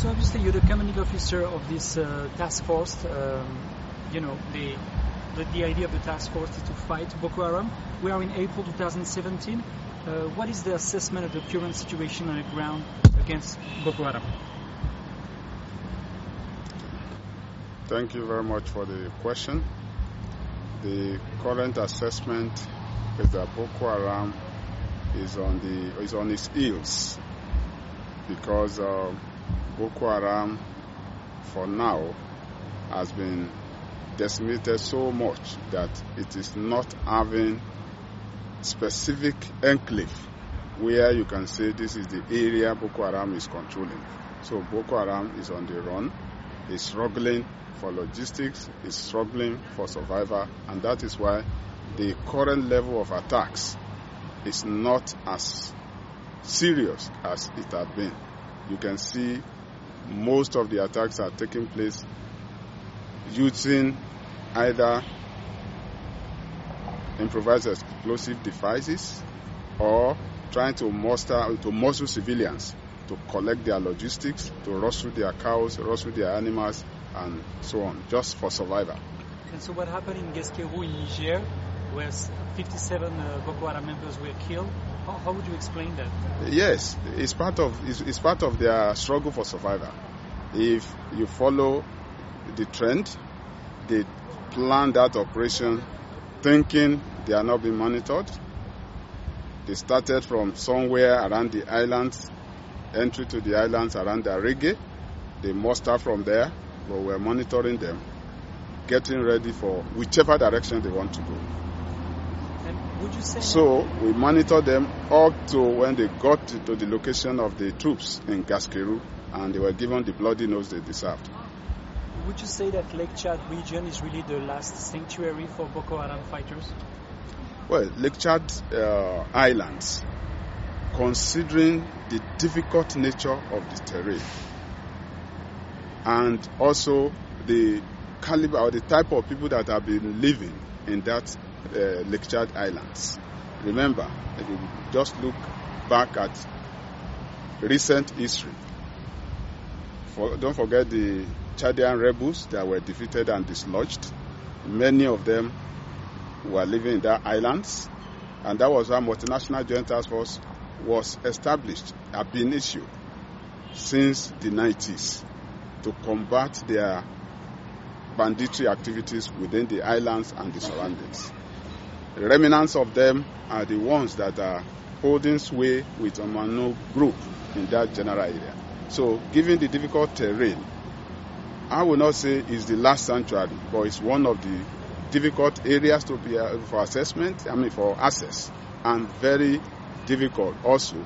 So obviously, you're the commanding officer of this uh, task force. Um, you know, the, the, the idea of the task force is to fight Boko Haram. We are in April 2017. Uh, what is the assessment of the current situation on the ground against Boko Haram? Thank you very much for the question. The current assessment is that Boko Haram is on the is on its heels because. Uh, Boko Haram for now has been decimated so much that it is not having specific enclave where you can say this is the area Boko Haram is controlling. So Boko Haram is on the run, is struggling for logistics, is struggling for survival, and that is why the current level of attacks is not as serious as it had been. You can see most of the attacks are taking place using either improvised explosive devices or trying to muster to muscle civilians to collect their logistics, to rustle their cows, rustle their animals, and so on, just for survival. And so what happened in Geskewu in Niger, where 57 uh, Boko Haram members were killed, how, how would you explain that? Yes, it's part of it's, it's part of their struggle for survival. If you follow the trend, they plan that operation thinking they are not being monitored. They started from somewhere around the islands, entry to the islands around the Arige. They muster from there, but we're monitoring them, getting ready for whichever direction they want to go. So we monitored them up to when they got to the location of the troops in Gaskeru and they were given the bloody nose they deserved. Would you say that Lake Chad region is really the last sanctuary for Boko Haram fighters? Well, Lake Chad uh, Islands, considering the difficult nature of the terrain and also the caliber or the type of people that have been living in that uh, Lake Chad Islands. Remember, if you just look back at recent history, For, don't forget the Chadian rebels that were defeated and dislodged. Many of them were living in that islands, and that was how multinational joint task force was established, had been issued since the 90s to combat their banditry activities within the islands and the surroundings. The remnants of them are the ones that are holding sway with Omano group in that general area. So, given the difficult terrain, I will not say it's the last sanctuary, but it's one of the difficult areas to be uh, for assessment, I mean for access, and very difficult also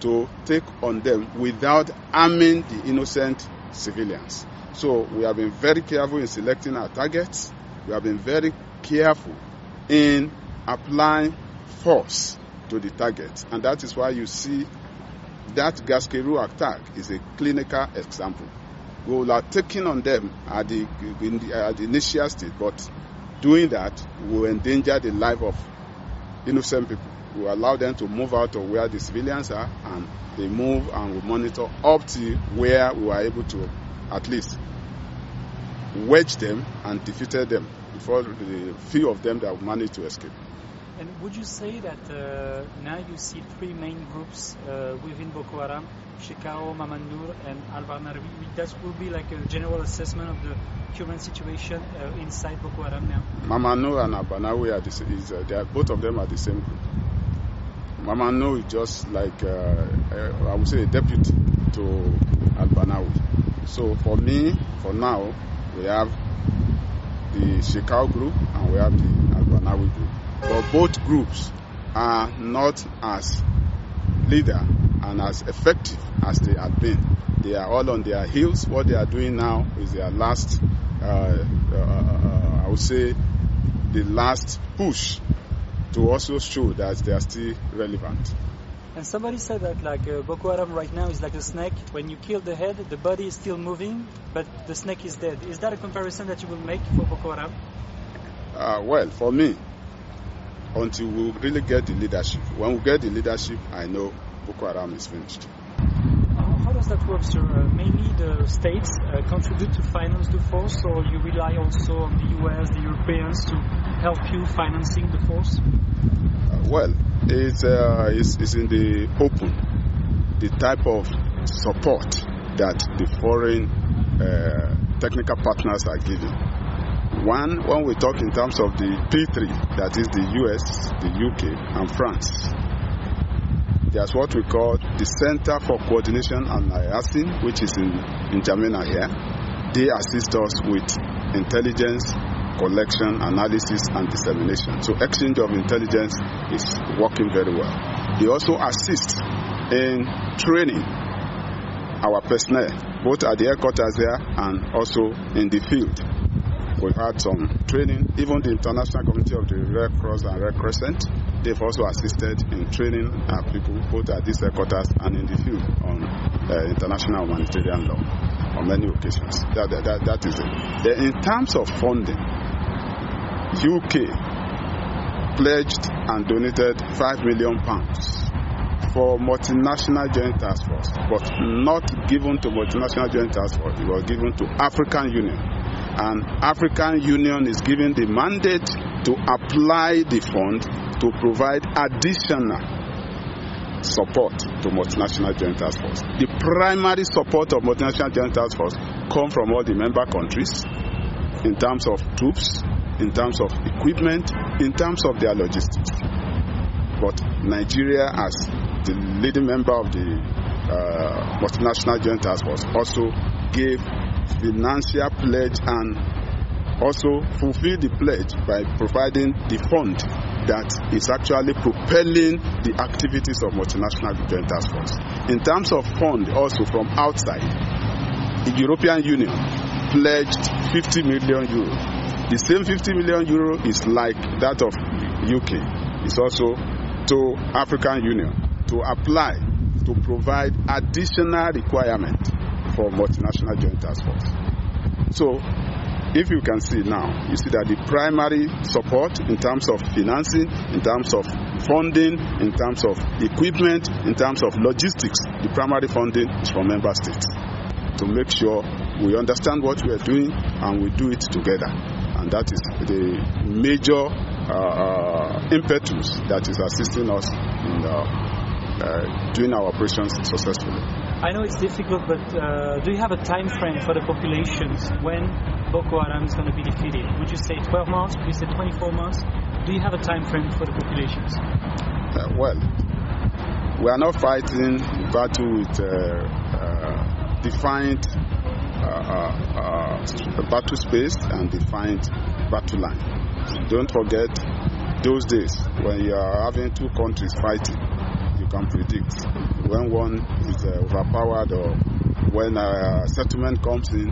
to take on them without harming the innocent civilians. So we have been very careful in selecting our targets. We have been very careful in applying force to the target. And that is why you see that Gasquerou attack is a clinical example. We are taking on them at the, at the initial stage, but doing that will endanger the life of innocent people. We allow them to move out of where the civilians are and they move and we monitor up to where we are able to at least wedge them and defeated them before the few of them that managed to escape. And would you say that uh, now you see three main groups uh, within Boko Haram, Shekau, Mamandur, and Al-Barnawi? That will be like a general assessment of the current situation uh, inside Boko Haram now. Mamandur and Al-Barnawi are, the, is, uh, they are both of them are the same group. Mamandur is just like uh, uh, I would say a deputy to Al-Barnawi. So for me, for now, we have the Shekau group and we have the Al-Barnawi group. But both groups are not as leader and as effective as they have been. They are all on their heels. What they are doing now is their last, uh uh, uh, uh, I would say, the last push to also show that they are still relevant. And somebody said that like uh, Boko Haram right now is like a snake. When you kill the head, the body is still moving, but the snake is dead. Is that a comparison that you will make for Boko Haram? Uh, well, for me, until we really get the leadership. When we get the leadership, I know Boko Haram is finished. How does that work, sir? Uh, mainly the states uh, contribute to finance the force, or you rely also on the US, the Europeans to help you financing the force? Uh, well, it's, uh, it's, it's in the open. The type of support that the foreign uh, technical partners are giving one, when we talk in terms of the P3, that is the US, the UK, and France, there's what we call the Center for Coordination and Liaison, which is in, in Germany here. They assist us with intelligence collection, analysis, and dissemination. So, exchange of intelligence is working very well. They also assist in training our personnel, both at the headquarters there and also in the field. We've had some training, even the International Committee of the Red Cross and Red Crescent. They've also assisted in training our people, both at these headquarters and in the field, on uh, international humanitarian law on many occasions. That, that, that is it. Then in terms of funding, UK pledged and donated five million pounds for multinational joint task force, but not given to multinational joint task force. It was given to African Union and African Union is given the mandate to apply the fund to provide additional support to multinational joint task force. The primary support of multinational joint task force come from all the member countries in terms of troops, in terms of equipment, in terms of their logistics. But Nigeria, as the leading member of the uh, multinational joint task force, also gave financial pledge and also fulfill the pledge by providing the fund that is actually propelling the activities of multinational joint task force. In terms of fund also from outside, the European Union pledged 50 million euro. The same 50 million euro is like that of UK. It's also to African Union to apply to provide additional requirements. for multinational joint task force. So if you can see now, you see that the primary support in terms of financing, in terms of funding, in terms of equipment, in terms of logistics, the primary funding is from member states to make sure we understand what we are doing and we do it together. And that is the major uh, uh, impetus that is assisting us in uh, uh, doing our operations successfully. I know it's difficult, but uh, do you have a time frame for the populations when Boko Haram is going to be defeated? Would you say 12 months? Would you say 24 months? Do you have a time frame for the populations? Uh, well, we are not fighting battle with uh, uh, defined battle space and defined battle line. Don't forget those days when you are having two countries fighting can predict when one is uh, overpowered or when a settlement comes in,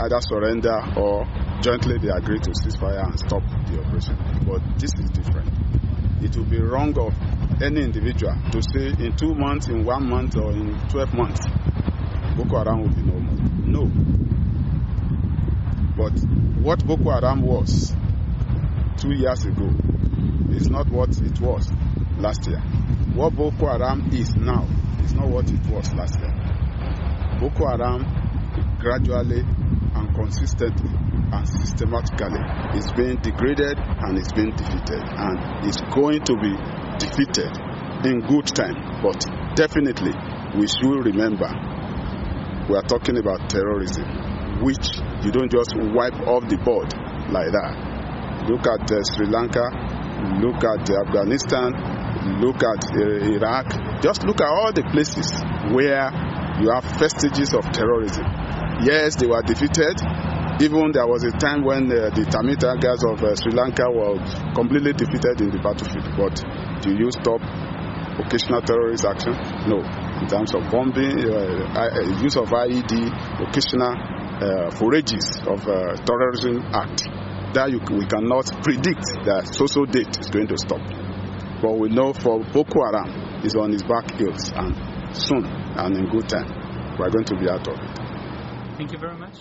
either surrender or jointly they agree to ceasefire and stop the operation. But this is different. It will be wrong of any individual to say in two months, in one month, or in 12 months, Boko Haram will be normal. No. But what Boko Haram was two years ago is not what it was last year what Boko Haram is now is not what it was last year. Boko Haram gradually and consistently and systematically is being degraded and is being defeated and is going to be defeated in good time. But definitely, we should remember we are talking about terrorism, which you don't just wipe off the board like that. Look at uh, Sri Lanka, look at uh, Afghanistan, look at uh, Iraq, just look at all the places where you have vestiges of terrorism. Yes, they were defeated. Even there was a time when uh, the Tamil Tigers of uh, Sri Lanka were completely defeated in the battlefield. But do you stop occasional terrorist action? No. In terms of bombing, uh, uh, use of IED, occasional uh, forages of terrorism act, that you, we cannot predict that so-so date is going to stop. But we know for Boko Haram is on his back heels, and soon and in good time, we're going to be out of it. Thank you very much.